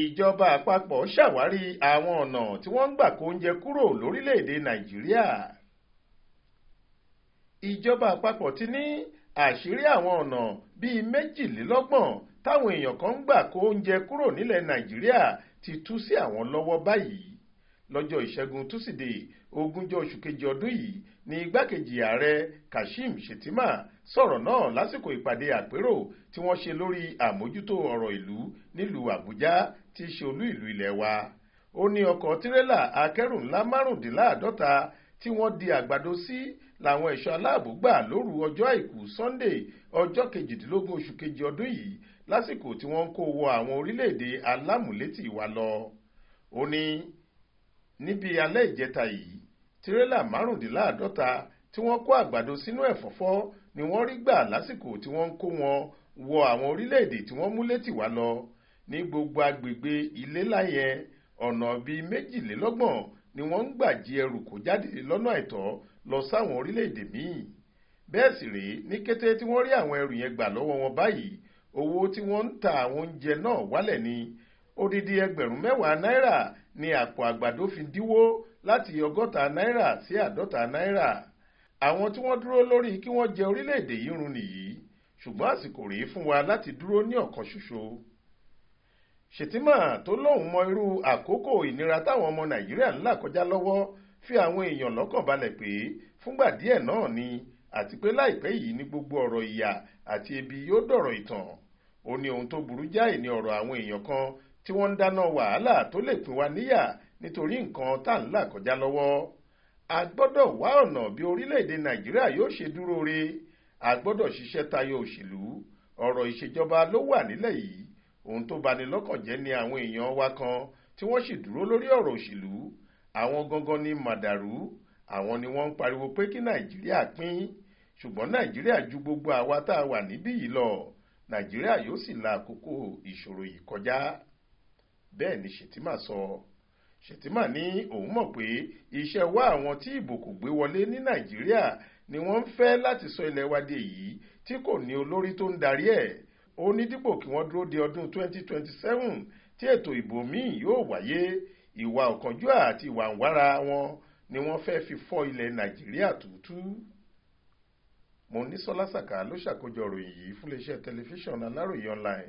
ìjọba àpapọ̀ ṣàwárí àwọn ọ̀nà tí wọ́n ń gbà kó oúnjẹ kúrò lórílẹ̀‐èdè nàìjíríà ìjọba àpapọ̀ ti ní àṣírí àwọn ọ̀nà bíi méjìlélọ́gbọ̀n táwọn èèyàn kan ń gbà kó oúnjẹ kúrò nílẹ̀ nàìjíríà ti tú sí àwọn lọ́wọ́ báyìí lọ́jọ́ ìṣẹ́gun túsídẹ̀ẹ́ ogúnjọ́ oṣù kejì ọdún yìí ni igbákejì ààrẹ kashim shettima sọ̀rọ̀ náà lásìkò ìpàdé àpérò tí wọ́n ṣe lórí àmójútó ọ̀rọ̀ ìlú nílùú àbújá tí í ṣe olú ìlú ilẹ̀ wa ó ní ọkọ̀ tirẹ́là akẹ́rù ńlá márùndínláàdọ́ta tí wọ́n di àgbàdo sí làwọn ẹ̀ṣọ́ aláàbò gbà lóru ọjọ́ àìkú sunday ọjọ́ kejìdínlógún oṣù kejì ọdún yìí lásìkò tí wọ́n ń kó wọ àwọn orílẹ̀-èdè alámùlétì wa lọ. ó ní níbi alẹ́ ìjẹta yìí tirẹ́là márùndínláàádọ́ta tí wọ́n kó àgbàdo sínú ẹ̀fọ́fọ́ ni wọ́n rí gbà lásìkò tí wọ́n ń kó wọn wọ àwọn orílẹ̀-èdè tí wọ́n mú létí wá lọ ní gbogbo agbègbè ilé láyẹ ọ̀nà bíi méjìlélọ́gbọ̀n ni wọ́n ń gbà jí ẹrù kó jáde lọ́nà àìtọ́ lọ sáwọn orílẹ̀-èdè míì bẹ́ẹ̀ sì rèé ní kété tí wọ́n rí àwọn ẹrù yẹn gbà lọ́wọ́ wọn báyìí owó tí wọ́n ń ta àwọn oúnjẹ náà wálẹ̀ ni odidi ẹgbẹ̀rún mẹ́wàá náírà ni àpò àgbàdo fi dínwó láti ọgọ́ta náírà sí àádọ́ta náírà àwọn tí wọ́n dúró lórí kí wọ́n jẹ orílẹ̀-èdè yìí run nìyí ṣùgbọ́n àsìkò rèé fún wa láti dúró ní ọ̀kan ṣoṣo ṣètìmà tó lóun mọ irú àkókò ìnira táwọn ọmọ nàìjíríà ń là kọjá lọ́wọ́ fi àwọn èèyàn lọ́kàn balẹ̀ pé fúngbà díẹ̀ náà ni àti pé láìpẹ́ yìí ni gbogbo ọ̀rọ̀ ìyà àti ebi yóò dọ̀rọ̀ ìtàn ó ní ohun tó burú jáì ní ọ̀rọ̀ àwọn èèyàn kan tí wọ́n ń dáná wàhálà tó lè pín wa níyà nítorí nǹkan tá à ń là kọjá lọ́wọ́ a gbọ́dọ̀ wá ọ̀nà bí orílẹ̀-èdè nàìjíríà yóò ṣe dúró re a gbọ́dọ̀ ṣiṣẹ́ tayọ òṣèlú ọ̀rọ̀ ìṣèjọba ló wà nílẹ̀ yìí ohun tó bani lọ́kàn jẹ́ ni àwọn èèyàn wa kan tí wọ́n sì dúró lórí ọ̀rọ̀ òṣèlú àwọn gangan ni màdàrú àwọn ni wọ́n ń pariwo pé kí nàìjíríà pín ṣùgbọ́n nàìjíríà ju gbogbo àwa tá a wà níbí yìí lọ nàìjíríà yóò sì la àkókò ìṣòro yìí kọjá bẹ́ẹ̀ ni Shettima sọ Shettima ní òun mọ̀ pé iṣẹ́ wá àwọn tí ìbò kò gbé wọlé ní Nàìjíríà ni wọ́n ń fẹ́ láti sọ ilẹ̀ wa di èyí tí kò ní olórí tó ń darí ẹ̀ ó ní dípò kí wọ́n dúró de ọdún 2027 tí ètò ìbò míì yóò wáyé ìwà ọ̀kánjúà àti ìwà ìwára wọn ni wọ́n fẹ́ fi fọ́ ilẹ̀ Nàìjíríà tútú. Mọ́nísọ́lá Sàká ló ṣàkójọ ìròyìn yìí fún iléeṣẹ́ tẹlifíṣàn Aláròyé online